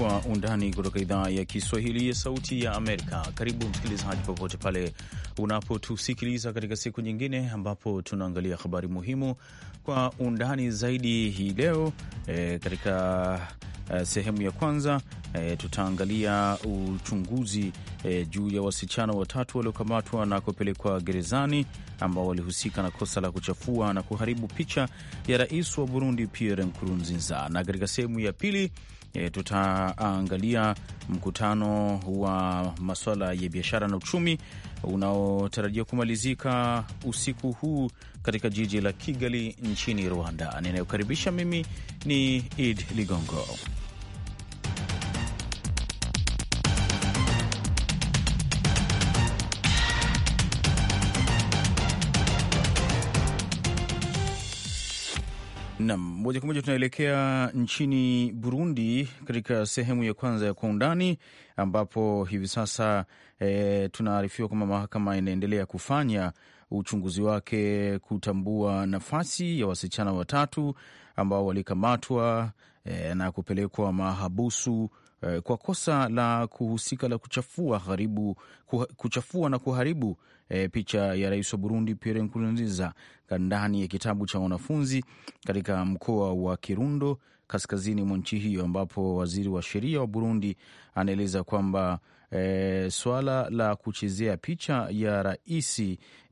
Kwa Undani kutoka idhaa ya Kiswahili ya Sauti ya Amerika. Karibu msikilizaji, popote pale unapotusikiliza katika siku nyingine ambapo tunaangalia habari muhimu kwa undani zaidi hii leo. E, katika e, sehemu ya kwanza e, tutaangalia uchunguzi e, juu ya wasichana watatu waliokamatwa na kupelekwa gerezani ambao walihusika na kosa la kuchafua na kuharibu picha ya rais wa Burundi Pierre Nkurunziza, na katika sehemu ya pili e, tutaangalia mkutano wa maswala ya biashara na uchumi unaotarajiwa kumalizika usiku huu katika jiji la Kigali nchini Rwanda. Ninayokaribisha mimi ni Id Ligongo. Nam, moja kwa moja tunaelekea nchini Burundi katika sehemu ya kwanza ya Kwa Undani, ambapo hivi sasa e, tunaarifiwa kwamba mahakama inaendelea kufanya uchunguzi wake kutambua nafasi ya wasichana watatu ambao walikamatwa e, na kupelekwa mahabusu e, kwa kosa la kuhusika la kuchafua, haribu, kuchafua na kuharibu e, picha ya rais wa Burundi Pierre Nkurunziza ndani ya kitabu cha wanafunzi katika mkoa wa Kirundo kaskazini mwa nchi hiyo, ambapo waziri wa sheria wa Burundi anaeleza kwamba e, swala la kuchezea picha ya rais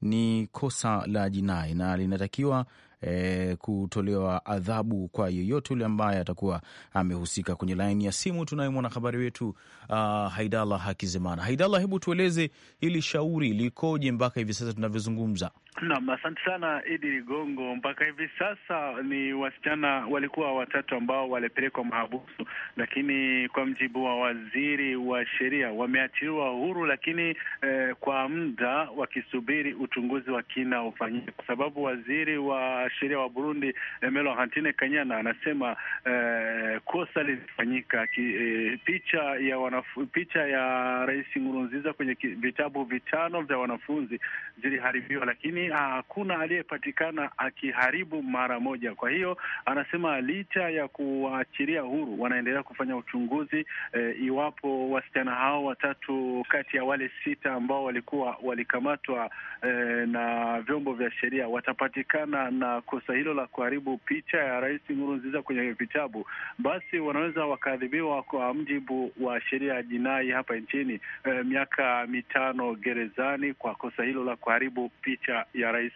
ni kosa la jinai na linatakiwa e, kutolewa adhabu kwa yeyote yule ambaye atakuwa amehusika. Kwenye laini ya simu tunaye mwanahabari wetu uh, Haidala Hakizemana. Haidala, hebu tueleze hili shauri likoje mpaka hivi sasa tunavyozungumza? Naam, asante sana Idi Ligongo. Mpaka hivi sasa ni wasichana walikuwa watatu ambao walipelekwa mahabusu, lakini kwa mjibu wa waziri wa sheria wameachiliwa huru, lakini eh, kwa muda wakisubiri uchunguzi wa kina ufanyike, kwa sababu waziri wa sheria wa Burundi Emelo Hantine Kanyana anasema eh, kosa lilifanyika eh, picha ya wanafu, picha ya Rais Nkurunziza kwenye vitabu vitano vya wanafunzi ziliharibiwa lakini hakuna aliyepatikana akiharibu mara moja. Kwa hiyo anasema licha ya kuwaachiria huru, wanaendelea kufanya uchunguzi e, iwapo wasichana hao watatu kati ya wale sita ambao walikuwa walikamatwa e, na vyombo vya sheria watapatikana na kosa hilo la kuharibu picha ya Rais Nkurunziza kwenye vitabu, basi wanaweza wakaadhibiwa kwa mjibu wa sheria ya jinai hapa nchini e, miaka mitano gerezani kwa kosa hilo la kuharibu picha ya rais.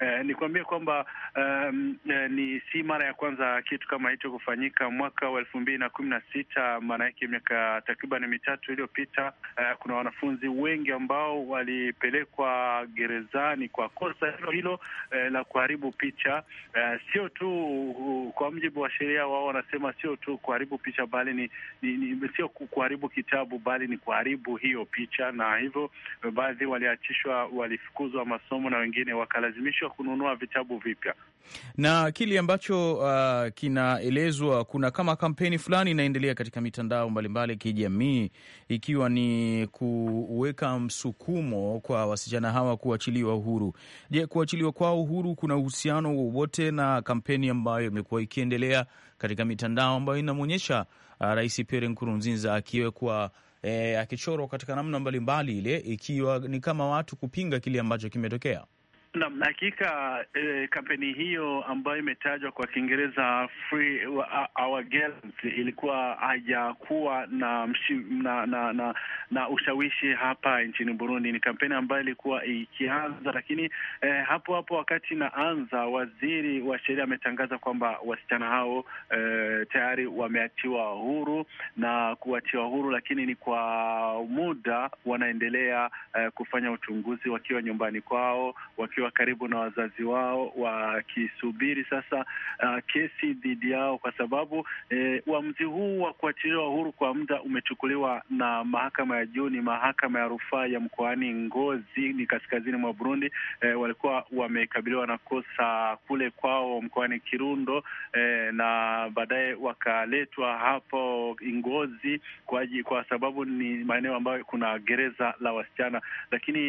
Eh, nikuambie kwamba um, eh, ni si mara ya kwanza kitu kama hicho kufanyika. Mwaka wa elfu mbili na kumi na sita, maana yake miaka takriban mitatu iliyopita, eh, kuna wanafunzi wengi ambao walipelekwa gerezani kwa kosa hilo hilo, eh, la kuharibu picha eh, sio tu uh, kwa mujibu wa sheria wao wanasema sio tu kuharibu picha bali ni, ni, ni sio kuharibu kitabu bali ni kuharibu hiyo picha, na hivyo baadhi waliachishwa, walifukuzwa masomo na wengine wakalazimishwa kununua vitabu vipya. Na kile ambacho uh, kinaelezwa, kuna kama kampeni fulani inaendelea katika mitandao mbalimbali ya kijamii, ikiwa ni kuweka msukumo kwa wasichana hawa kuachiliwa uhuru. Je, kuachiliwa kwao uhuru kuna uhusiano wowote na kampeni ambayo imekuwa ikiendelea katika mitandao ambayo inamwonyesha uh, Rais Pierre Nkurunziza akiwekwa E, akichorwa katika namna mbalimbali ile ikiwa ni kama watu kupinga kile ambacho kimetokea. Naam, hakika eh, kampeni hiyo ambayo imetajwa kwa Kiingereza Free uh, Our Girls ilikuwa hajakuwa na, na, na, na, na ushawishi hapa nchini Burundi. Ni kampeni ambayo ilikuwa ikianza, lakini eh, hapo hapo wakati inaanza, waziri wa sheria ametangaza kwamba wasichana hao eh, tayari wameachiwa huru na kuachiwa huru, lakini ni kwa muda wanaendelea eh, kufanya uchunguzi wakiwa nyumbani kwao wakiwa wakiwa karibu na wazazi wao wakisubiri sasa uh, kesi dhidi yao, kwa sababu eh, uamuzi huu wa kuachiliwa huru kwa muda umechukuliwa na mahakama ya juu, ni mahakama ya rufaa ya mkoani Ngozi, ni kaskazini mwa Burundi. Eh, walikuwa wamekabiliwa na kosa kule kwao mkoani Kirundo eh, na baadaye wakaletwa hapo Ngozi kwa kwa sababu ni maeneo ambayo kuna gereza la wasichana, lakini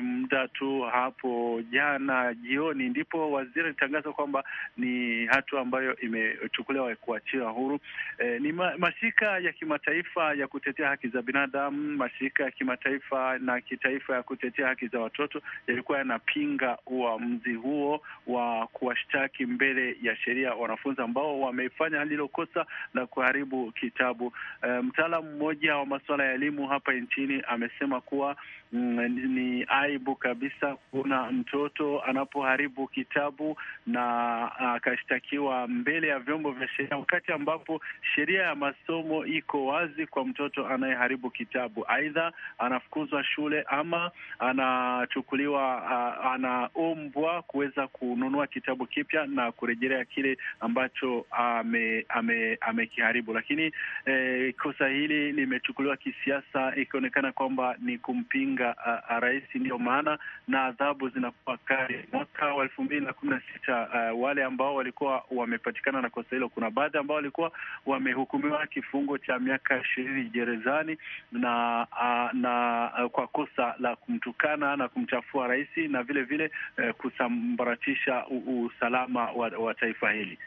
muda tu hapo ja jana jioni ndipo waziri alitangaza kwamba ni hatua ambayo imechukuliwa kuachiwa huru. E, ni ma, mashirika ya kimataifa ya kutetea haki za binadamu, mashirika ya kimataifa na kitaifa ya kutetea haki za watoto yalikuwa yanapinga uamuzi huo wa kuwashtaki mbele ya sheria wanafunzi ambao wamefanya lilo kosa la kuharibu kitabu. E, mtaalamu mmoja wa masuala ya elimu hapa nchini amesema kuwa mm, ni aibu kabisa kuna mto mtoto anapoharibu kitabu na akashtakiwa mbele ya vyombo vya sheria, wakati ambapo sheria ya masomo iko wazi kwa mtoto anayeharibu kitabu. Aidha, anafukuzwa shule ama anachukuliwa, anaombwa kuweza kununua kitabu kipya na kurejelea kile ambacho amekiharibu ame, ame. Lakini eh, kosa hili limechukuliwa kisiasa, ikionekana kwamba ni kumpinga rais, ndiyo maana na adhabu zinakuwa wakali. Mwaka wa elfu mbili na kumi na sita uh, wale ambao walikuwa wamepatikana na kosa hilo, kuna baadhi ambao walikuwa wamehukumiwa kifungo cha miaka ishirini gerezani na uh, na uh, kwa kosa la kumtukana na kumchafua rais na vile vile uh, kusambaratisha usalama wa, wa taifa hili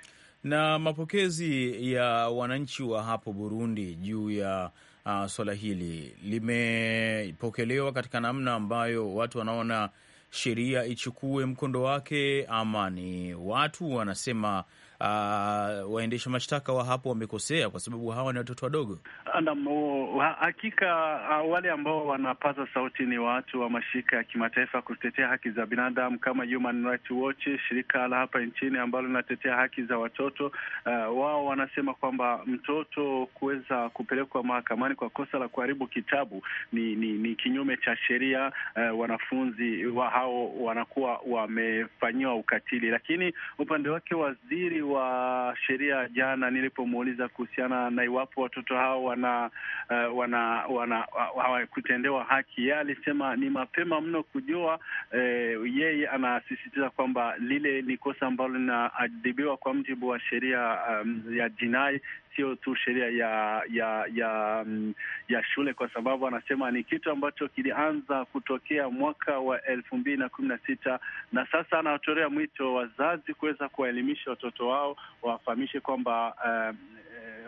na mapokezi ya wananchi wa hapo Burundi juu ya uh, swala hili limepokelewa katika namna ambayo watu wanaona sheria ichukue mkondo wake ama ni watu wanasema uh, waendesha mashtaka wa hapo wamekosea, kwa sababu hawa ni watoto wadogo. Ah, hakika ah, wale ambao wanapaza sauti ni watu wa mashirika ya kimataifa kutetea haki za binadamu kama Human Rights Watch, shirika la hapa nchini ambalo linatetea haki za watoto. Uh, wao wanasema kwamba mtoto kuweza kupelekwa mahakamani kwa kosa la kuharibu kitabu ni, ni, ni kinyume cha sheria. Uh, wanafunzi wa hao wanakuwa wamefanyiwa ukatili, lakini upande wake waziri wa wa sheria jana nilipomuuliza kuhusiana na iwapo watoto hao wana, uh, wana, wana hawakutendewa haki, yeye alisema ni mapema mno kujua. Uh, yeye anasisitiza kwamba lile ni kosa ambalo linaadhibiwa kwa mujibu wa sheria um, ya jinai sio tu sheria ya ya ya um, ya shule, kwa sababu anasema ni kitu ambacho kilianza kutokea mwaka wa elfu mbili na kumi na sita na sasa anatorea mwito wazazi kuweza kuwaelimisha watoto wao wao, wafahamishe kwamba uh,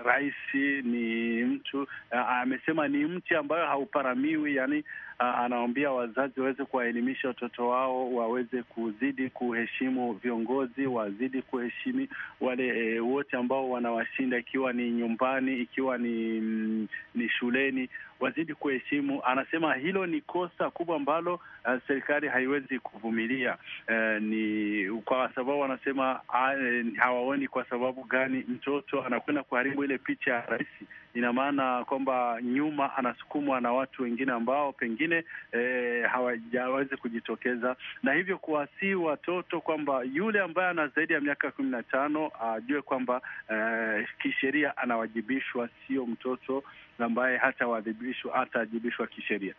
rais ni mtu uh, amesema ni mti ambayo hauparamiwi, yani anawaambia wazazi waweze kuwaelimisha watoto wao, waweze kuzidi kuheshimu viongozi, wazidi kuheshimu wale e, wote ambao wanawashinda, ikiwa ni nyumbani, ikiwa ni, mm, ni shuleni wazidi kuheshimu. Anasema hilo ni kosa kubwa ambalo uh, serikali haiwezi kuvumilia. Uh, ni kwa sababu wanasema uh, hawaoni kwa sababu gani mtoto anakwenda kuharibu ile picha ya rais ina maana kwamba nyuma anasukumwa na watu wengine ambao pengine e, hawajawezi kujitokeza, na hivyo kuwasihi watoto kwamba yule ambaye ana zaidi ya miaka kumi na tano ajue kwamba e, kisheria anawajibishwa, sio mtoto ambaye hata ajibishwa kisheria.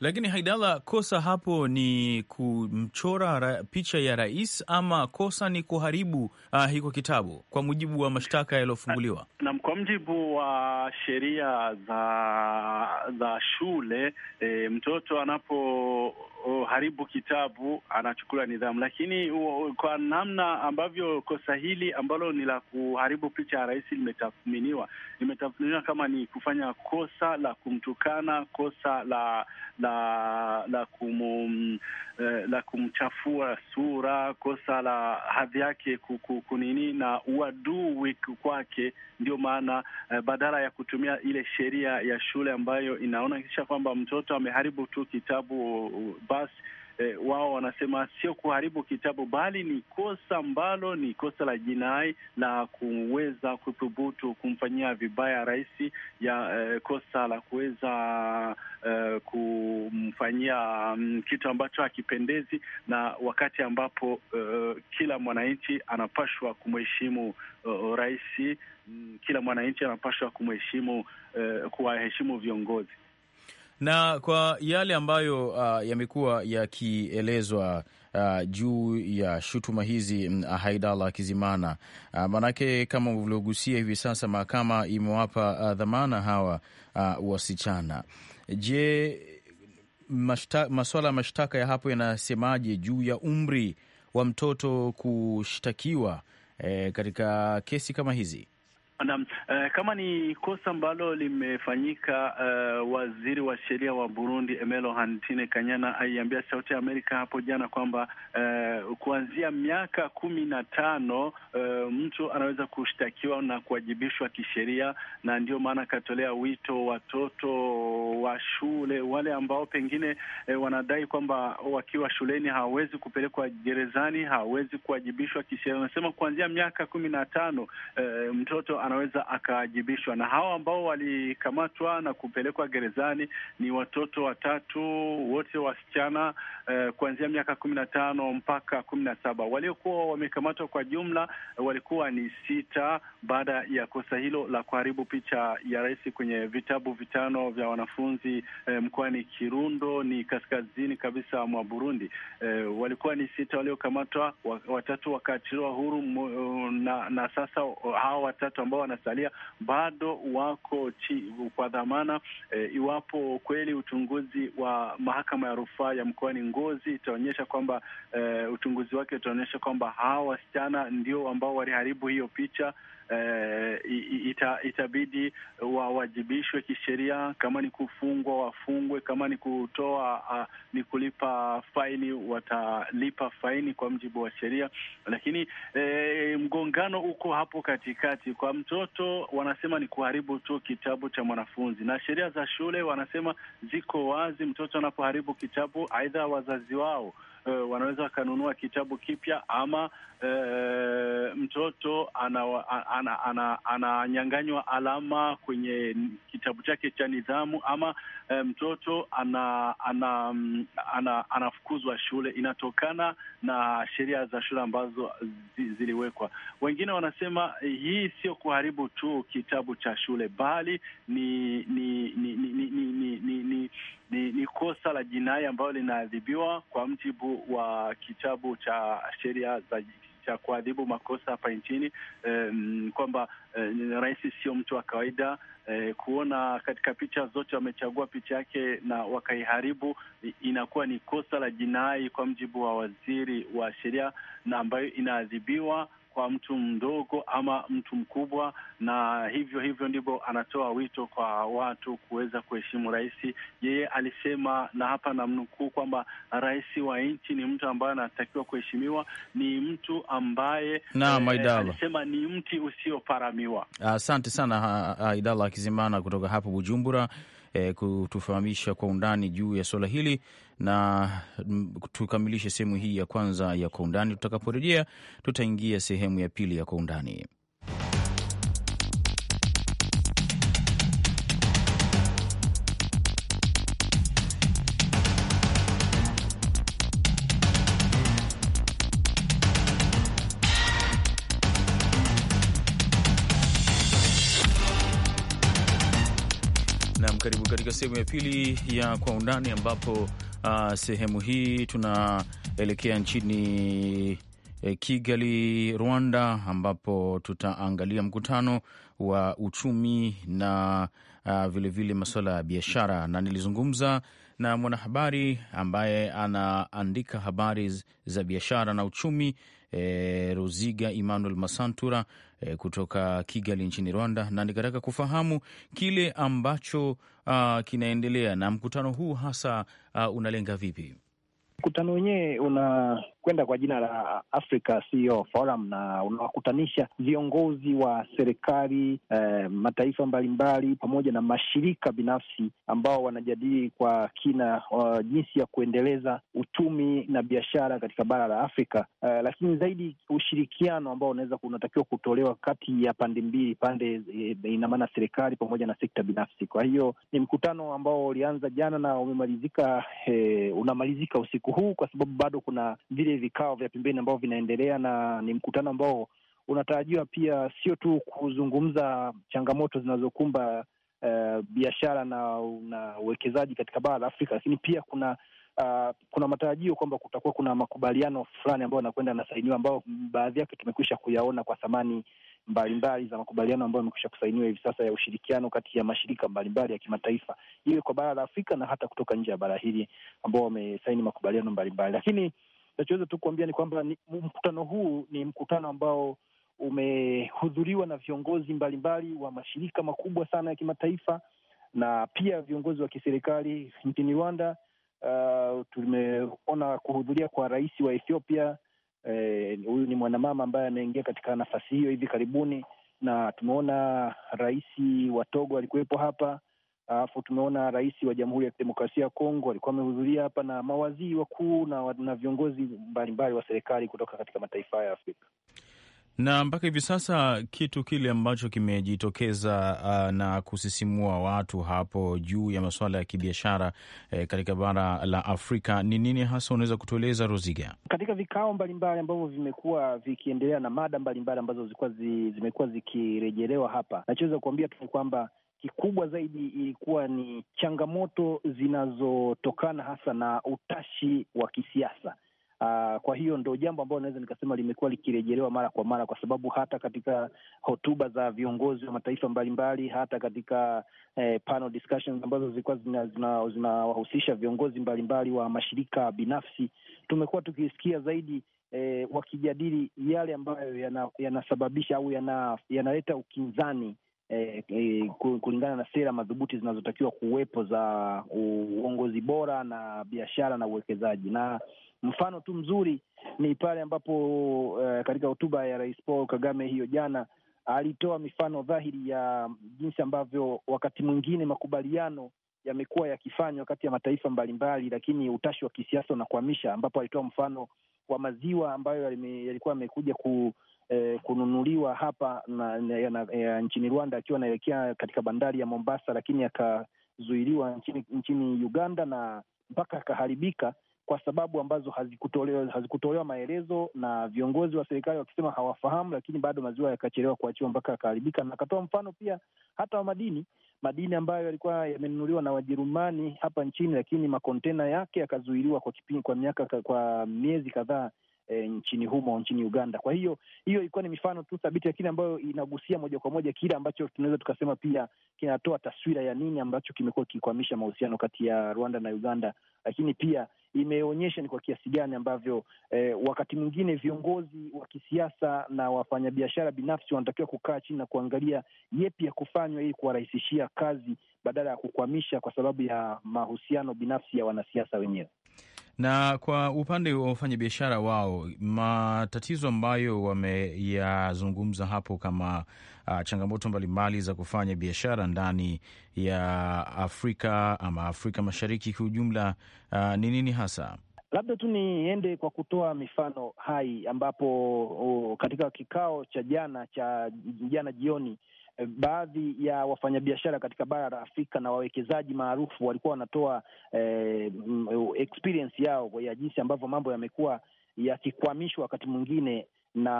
Lakini Haidala, kosa hapo ni kumchora ra, picha ya rais ama kosa ni kuharibu uh, hiko kitabu kwa mujibu wa mashtaka yaliyofunguliwa nam, kwa mujibu wa sheria za za shule e, mtoto anapo haribu kitabu, anachukua nidhamu. Lakini uh, kwa namna ambavyo kosa hili ambalo ni la kuharibu picha ya rais limetathminiwa, limetathminiwa kama ni kufanya kosa la kumtukana, kosa la la la kumu, eh, la kumchafua sura, kosa la hadhi yake kunini na uadui kwake. Ndio maana eh, badala ya kutumia ile sheria ya shule ambayo inaona kisha kwamba mtoto ameharibu tu kitabu basi e, wao wanasema sio kuharibu kitabu, bali ni kosa ambalo ni kosa la jinai la kuweza kuthubutu kumfanyia vibaya rais, ya e, kosa la kuweza e, kumfanyia um, kitu ambacho hakipendezi, na wakati ambapo e, kila mwananchi anapashwa kumheshimu e, rais, mm, kila mwananchi anapashwa kumheshimu e, kuwaheshimu viongozi na kwa yale ambayo uh, yamekuwa yakielezwa Uh, juu ya shutuma hizi mm, Haidala Kizimana, uh, manake kama ulivyogusia hivi sasa mahakama imewapa uh, dhamana hawa uh, wasichana. Je, masuala ya mashtaka ya hapo yanasemaje juu ya umri wa mtoto kushtakiwa eh, katika kesi kama hizi? Naam, uh, kama ni kosa ambalo limefanyika, uh, waziri wa sheria wa Burundi Emelo Hantine Kanyana aiambia Sauti ya Amerika hapo jana kwamba uh, kuanzia miaka kumi na tano uh, mtu anaweza kushtakiwa na kuwajibishwa kisheria, na ndio maana akatolea wito watoto wa shule wale ambao pengine uh, wanadai kwamba wakiwa shuleni hawawezi kupelekwa gerezani, hawawezi kuwajibishwa kisheria. Anasema kuanzia miaka kumi na tano uh, mtoto ana anaweza akaajibishwa. Na hawa ambao walikamatwa na kupelekwa gerezani ni watoto watatu, wote wasichana eh, kuanzia miaka kumi na tano mpaka kumi na saba. Waliokuwa wamekamatwa kwa jumla eh, walikuwa ni sita, baada ya kosa hilo la kuharibu picha ya rais kwenye vitabu vitano vya wanafunzi eh, mkoani Kirundo, ni kaskazini kabisa mwa Burundi. Eh, walikuwa ni sita waliokamatwa, watatu wakaachiliwa huru na, na sasa oh, hawa watatu ambao wanasalia bado wako chi, kwa dhamana e, iwapo kweli uchunguzi wa mahakama ya rufaa ya mkoani Ngozi itaonyesha kwamba e, uchunguzi wake utaonyesha kwamba hawa wasichana ndio ambao waliharibu hiyo picha eh, ita, itabidi wawajibishwe kisheria. Kama ni kufungwa wafungwe, kama ni kutoa uh, ni kulipa faini watalipa faini kwa mjibu wa sheria. Lakini eh, mgongano uko hapo katikati. Kwa mtoto wanasema ni kuharibu tu kitabu cha mwanafunzi, na sheria za shule wanasema ziko wazi, mtoto anapoharibu kitabu aidha wazazi wao uh, wanaweza wakanunua kitabu kipya ama uh, mtoto ananyang'anywa ana, ana, ana, ana alama kwenye kitabu chake cha nidhamu ama mtoto ana, ana, ana, ana, anafukuzwa shule, inatokana na sheria za shule ambazo ziliwekwa. Wengine wanasema hii sio kuharibu tu kitabu cha shule, bali ni ni ni ni, ni, ni, ni, ni, ni, ni kosa la jinai ambayo linaadhibiwa kwa mjibu wa kitabu cha sheria za cha kuadhibu makosa hapa nchini, um, kwamba um, rais sio mtu wa kawaida eh, kuona katika picha zote wamechagua picha yake na wakaiharibu, inakuwa ni kosa la jinai kwa mjibu wa waziri wa sheria, na ambayo inaadhibiwa kwa mtu mdogo ama mtu mkubwa, na hivyo hivyo ndivyo anatoa wito kwa watu kuweza kuheshimu rais. Yeye alisema, na hapa namnukuu, kwamba rais wa nchi ni mtu ambaye anatakiwa kuheshimiwa, ni mtu ambaye na, e, eh, alisema ni mti usioparamiwa. Asante sana idala Kizimana kutoka hapo Bujumbura e, kutufahamisha kwa undani juu ya suala hili na tukamilishe sehemu hii ya kwanza ya kwa undani. Tutakaporejea tutaingia sehemu ya pili ya kwa undani. sehemu ya pili ya Kwa Undani, ambapo uh, sehemu hii tunaelekea nchini eh, Kigali, Rwanda, ambapo tutaangalia mkutano wa uchumi na vilevile uh, vile masuala ya biashara, na nilizungumza na mwanahabari ambaye anaandika habari za biashara na uchumi e, Ruziga Emmanuel Masantura e, kutoka Kigali nchini Rwanda, na nikataka kufahamu kile ambacho uh, kinaendelea na mkutano huu hasa uh, unalenga vipi? mkutano wenyewe unakwenda kwa jina la Africa CEO Forum na unawakutanisha viongozi wa serikali eh, mataifa mbalimbali pamoja na mashirika binafsi ambao wanajadili kwa kina uh, jinsi ya kuendeleza uchumi na biashara katika bara la Afrika uh, eh, lakini zaidi ushirikiano ambao unaweza unatakiwa kutolewa kati ya pande mbili pande eh, ina maana serikali pamoja na sekta binafsi. Kwa hiyo ni mkutano ambao ulianza jana na umemalizika eh, unamalizika usiku huu, kwa sababu bado kuna vile vikao vya pembeni ambavyo vinaendelea na ni mkutano ambao unatarajiwa pia sio tu kuzungumza changamoto zinazokumba uh, biashara na na uwekezaji katika bara la Afrika, lakini pia kuna uh, kuna matarajio kwamba kutakuwa kuna makubaliano fulani ambayo anakwenda anasainiwa, ambayo baadhi yake tumekwisha kuyaona kwa thamani mbalimbali za makubaliano ambayo yamekwisha kusainiwa hivi sasa ya ushirikiano kati ya mashirika mbalimbali ya kimataifa, iwe kwa bara la Afrika na hata kutoka nje ya bara hili, ambao wamesaini makubaliano mbalimbali. Lakini nachoweza tu kuambia ni kwamba mkutano huu ni mkutano ambao umehudhuriwa na viongozi mbalimbali wa mashirika makubwa sana ya kimataifa na pia viongozi wa kiserikali nchini Rwanda. Uh, tumeona kuhudhuria kwa rais wa Ethiopia Eh, huyu eh, ni mwanamama ambaye ameingia katika nafasi hiyo hivi karibuni, na tumeona rais wa Togo alikuwepo hapa, alafu tumeona rais wa Jamhuri ya Kidemokrasia ya Kongo alikuwa amehudhuria hapa na mawaziri wakuu na, na viongozi mbalimbali wa serikali kutoka katika mataifa ya Afrika na mpaka hivi sasa kitu kile ambacho kimejitokeza uh, na kusisimua watu hapo juu ya masuala ya kibiashara eh, katika bara la Afrika ni nini hasa, unaweza kutueleza Roziga? Katika vikao mbalimbali ambavyo vimekuwa vikiendelea na mada mbalimbali ambazo zilikuwa zi, zimekuwa zikirejelewa hapa, nachoweza kuambia tu ni kwamba kikubwa zaidi ilikuwa ni changamoto zinazotokana hasa na utashi wa kisiasa Uh, kwa hiyo ndo jambo ambalo naweza nikasema limekuwa likirejelewa mara kwa mara, kwa sababu hata katika hotuba za viongozi wa mataifa mbalimbali, hata katika eh, panel discussions ambazo zilikuwa zinawahusisha zina, zina viongozi mbalimbali wa mashirika binafsi, tumekuwa tukisikia zaidi eh, wakijadili yale ambayo yanasababisha yana au yanaleta yana ukinzani eh, eh, kulingana na sera madhubuti zinazotakiwa kuwepo za uongozi bora na biashara na uwekezaji na Mfano tu mzuri ni pale ambapo uh, katika hotuba ya Rais Paul Kagame hiyo jana alitoa mifano dhahiri ya jinsi ambavyo wakati mwingine makubaliano yamekuwa yakifanywa kati ya mataifa mbalimbali, lakini utashi wa kisiasa unakwamisha, ambapo alitoa mfano wa maziwa ambayo yalikuwa yamekuja ku, eh, kununuliwa hapa na, na, na, ya, nchini Rwanda akiwa anaelekea katika bandari ya Mombasa, lakini akazuiliwa nchini, nchini Uganda na mpaka akaharibika kwa sababu ambazo hazikutolewa hazikutolewa maelezo na viongozi wa serikali wakisema hawafahamu, lakini bado maziwa yakachelewa kuachiwa mpaka yakaharibika. Na akatoa mfano pia hata wa madini, madini ambayo yalikuwa yamenunuliwa na Wajerumani hapa nchini, lakini makontena yake yakazuiliwa kwa kipindi, kwa miaka, kwa miezi kadhaa e, nchini humo nchini Uganda. Kwa hiyo hiyo ilikuwa ni mifano tu thabiti, lakini ambayo inagusia moja kwa moja kile ambacho tunaweza tukasema pia kinatoa taswira ya nini ambacho kimekuwa kikikwamisha mahusiano kati ya Rwanda na Uganda, lakini pia imeonyesha ni kwa kiasi gani ambavyo eh, wakati mwingine viongozi wa kisiasa na wafanyabiashara binafsi wanatakiwa kukaa chini na kuangalia yepi ya kufanywa ili kuwarahisishia kazi badala ya kukwamisha kwa sababu ya mahusiano binafsi ya wanasiasa wenyewe. Na kwa upande wa wafanyabiashara wao, matatizo ambayo wameyazungumza hapo kama uh, changamoto mbalimbali za kufanya biashara ndani ya Afrika ama Afrika Mashariki kwa ujumla uh, ni uh, nini hasa? Labda tu niende kwa kutoa mifano hai ambapo o, uh, katika kikao cha jana cha jana jioni Eh, baadhi ya wafanyabiashara katika bara la Afrika na wawekezaji maarufu walikuwa wanatoa eh, mm, experience yao ya jinsi ambavyo mambo yamekuwa yakikwamishwa wakati mwingine na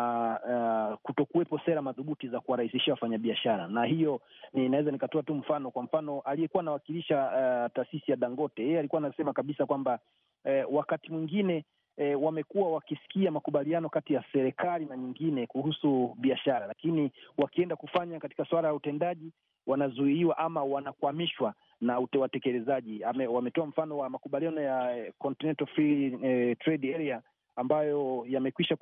uh, kutokuwepo sera madhubuti za kuwarahisishia wafanyabiashara, na hiyo ninaweza nikatoa tu mfano. Kwa mfano, aliyekuwa anawakilisha uh, taasisi ya Dangote, yeye alikuwa anasema kabisa kwamba uh, wakati mwingine e, wamekuwa wakisikia makubaliano kati ya serikali na nyingine kuhusu biashara, lakini wakienda kufanya katika suala ya utendaji wanazuiwa ama wanakwamishwa na watekelezaji. Wametoa mfano wa makubaliano ya eh, Continental Free eh, Trade Area ambayo yamekwisha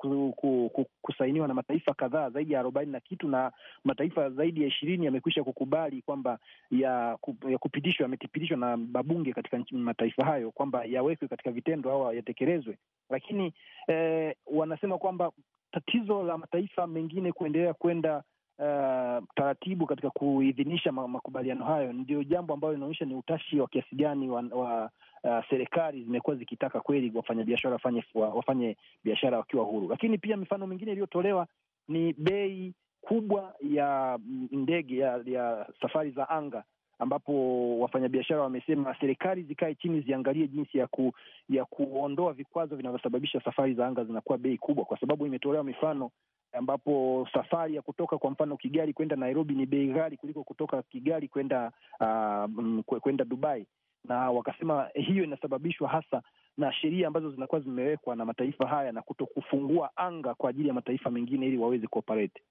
kusainiwa na mataifa kadhaa zaidi ya arobaini na kitu na mataifa zaidi ya ishirini yamekwisha kukubali kwamba ya kupitishwa yamepitishwa na mabunge katika mataifa hayo kwamba yawekwe katika vitendo au yatekelezwe. Lakini eh, wanasema kwamba tatizo la mataifa mengine kuendelea kwenda uh, taratibu katika kuidhinisha makubaliano hayo, ndio jambo ambalo linaonyesha ni utashi wa kiasi gani wa, wa uh, serikali zimekuwa zikitaka kweli wafanyabiashara wafanye, wafanye biashara wakiwa huru. Lakini pia mifano mingine iliyotolewa ni bei kubwa ya mm, ndege ya, ya safari za anga ambapo wafanyabiashara wamesema serikali zikae chini ziangalie jinsi ya ku, ya kuondoa vikwazo vinavyosababisha safari za anga zinakuwa bei kubwa, kwa sababu imetolewa mifano ambapo safari ya kutoka kwa mfano Kigali kwenda Nairobi ni bei ghali kuliko kutoka Kigali kwenda uh, kwenda Dubai, na wakasema hiyo inasababishwa hasa na sheria ambazo zinakuwa zimewekwa na mataifa haya na kuto kufungua anga kwa ajili ya mataifa mengine ili waweze kuoperate.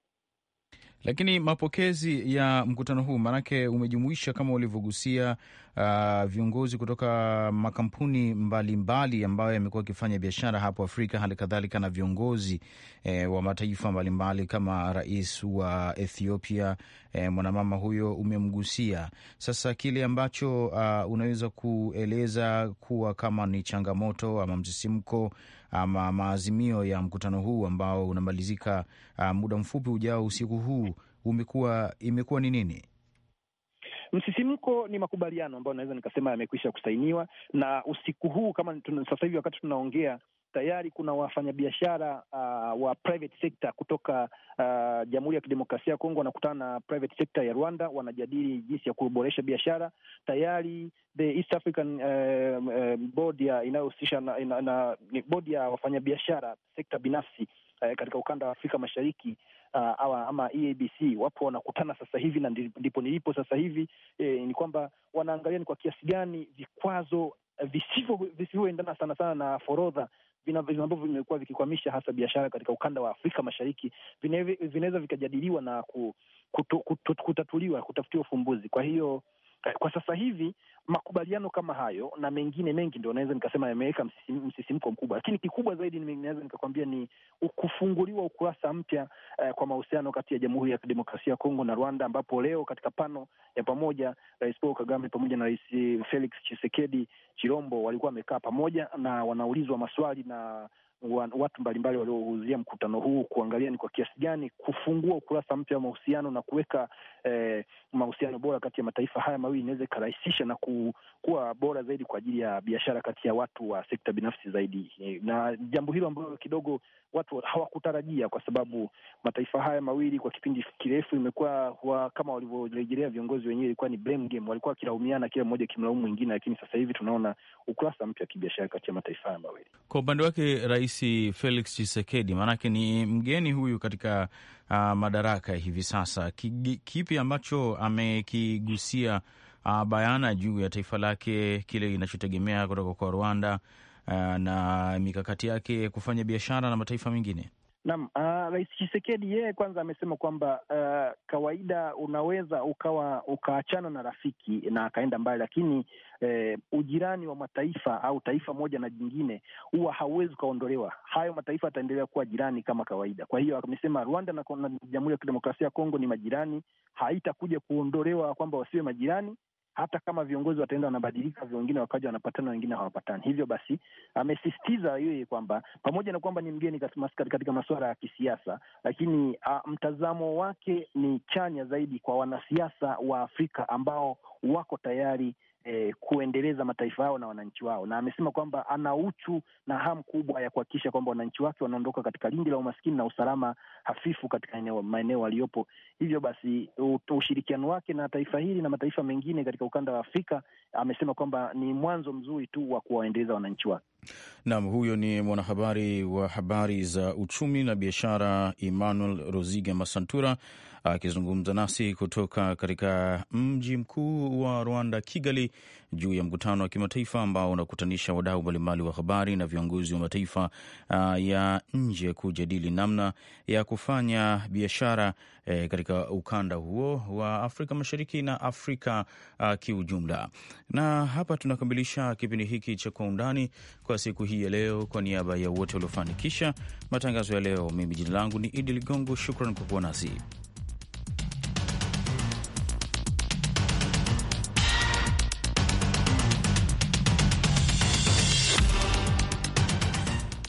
Lakini mapokezi ya mkutano huu maanake umejumuisha kama ulivyogusia uh, viongozi kutoka makampuni mbalimbali mbali ambayo yamekuwa akifanya biashara hapo Afrika, hali kadhalika na viongozi eh, wa mataifa mbalimbali mbali, kama rais wa Ethiopia eh, mwanamama huyo umemgusia. Sasa kile ambacho uh, unaweza kueleza kuwa kama ni changamoto ama msisimko ama maazimio ya mkutano huu ambao unamalizika ah, muda mfupi ujao usiku huu umekuwa imekuwa ni nini? Msisimko ni makubaliano ambayo naweza nikasema yamekwisha kusainiwa, na usiku huu kama sasa hivi wakati tunaongea tayari kuna wafanyabiashara uh, wa private sector kutoka uh, Jamhuri ya Kidemokrasia ya Kongo wanakutana na private sector ya Rwanda, wanajadili jinsi ya kuboresha biashara. Tayari the East African uh, uh, board inayohusisha na, na, na, bodi ya wafanyabiashara sekta binafsi eh, katika ukanda wa Afrika Mashariki uh, ama EABC wapo wanakutana sasa hivi, na ndipo nilipo sasa hivi eh, ni kwamba wanaangalia ni kwa kiasi gani vikwazo eh, visivyoendana sana sana na forodha ambavyo vimekuwa vikikwamisha hasa biashara katika ukanda wa Afrika Mashariki vinaweza vikajadiliwa na kutatuliwa, kutafutiwa ufumbuzi. Kwa hiyo Eh, kwa sasa hivi makubaliano kama hayo na mengine mengi ndio naweza nikasema yameweka msisimko mkubwa, lakini kikubwa zaidi naweza nikakwambia ni kufunguliwa ukurasa mpya eh, kwa mahusiano kati ya Jamhuri ya Kidemokrasia ya Kongo na Rwanda, ambapo leo katika pano ya pamoja Rais Paul Kagame pamoja na Rais Felix chisekedi chirombo walikuwa wamekaa pamoja na wanaulizwa maswali na watu mbalimbali waliohudhuria mkutano huu kuangalia ni kwa kiasi gani kufungua ukurasa mpya wa mahusiano na kuweka eh, mahusiano bora kati ya mataifa haya mawili inaweza ikarahisisha na kuwa bora zaidi kwa ajili ya biashara kati ya watu wa sekta binafsi zaidi, na jambo hilo ambalo kidogo watu hawakutarajia, kwa sababu mataifa haya mawili kwa kipindi kirefu imekuwa wa, kama walivyorejelea viongozi wenyewe, ilikuwa ni blame game, walikuwa wakilaumiana, kila mmoja kimlaumu mwingine, lakini sasa hivi tunaona ukurasa mpya wa kibiashara kati ya mataifa haya mawili. Kwa upande wake rais Rais Felix chisekedi maanake ni mgeni huyu katika uh, madaraka hivi sasa, kipi ambacho amekigusia uh, bayana juu ya taifa lake, kile inachotegemea kutoka kwa Rwanda uh, na mikakati yake kufanya biashara na mataifa mengine? Naam, uh, Rais chisekedi yeye kwanza amesema kwamba uh, kawaida unaweza ukawa ukaachana na rafiki na akaenda mbali, lakini uh, ujirani wa mataifa au taifa moja na jingine huwa hauwezi ukaondolewa. Hayo mataifa yataendelea kuwa jirani kama kawaida. Kwa hiyo amesema Rwanda na Jamhuri ya Kidemokrasia ya Kongo ni majirani, haitakuja kuondolewa kwamba wasiwe majirani hata kama viongozi wataenda wanabadilika, wengine wakaja wanapatana, wengine hawapatani. Hivyo basi, amesisitiza yeye kwamba pamoja na kwamba ni mgeni katika masuala ya kisiasa, lakini a, mtazamo wake ni chanya zaidi kwa wanasiasa wa Afrika ambao wako tayari eh, kuendeleza mataifa yao na wananchi wao, na amesema kwamba ana uchu na hamu kubwa ya kuhakikisha kwamba wananchi wake wanaondoka katika lindi la umaskini na usalama hafifu katika eneo, maeneo waliyopo. Hivyo basi ushirikiano wake na taifa hili na mataifa mengine katika ukanda wa Afrika amesema kwamba ni mwanzo mzuri tu wa kuwaendeleza wananchi wake. Naam, huyo ni mwanahabari wa habari za uchumi na biashara Emmanuel Roziga Masantura akizungumza nasi kutoka katika mji mkuu wa Rwanda, Kigali, juu ya mkutano wa kimataifa ambao unakutanisha wadau mbalimbali wa habari na viongozi wa mataifa uh, ya nje kujadili namna ya kufanya biashara eh, katika ukanda huo wa Afrika Mashariki na Afrika uh, kiujumla. Na hapa tunakamilisha kipindi hiki cha Kwa Undani kwa siku hii ya leo. Kwa niaba ya wote waliofanikisha matangazo ya leo, mimi jina langu ni Idi Ligongo. Shukran kwa kuwa nasi.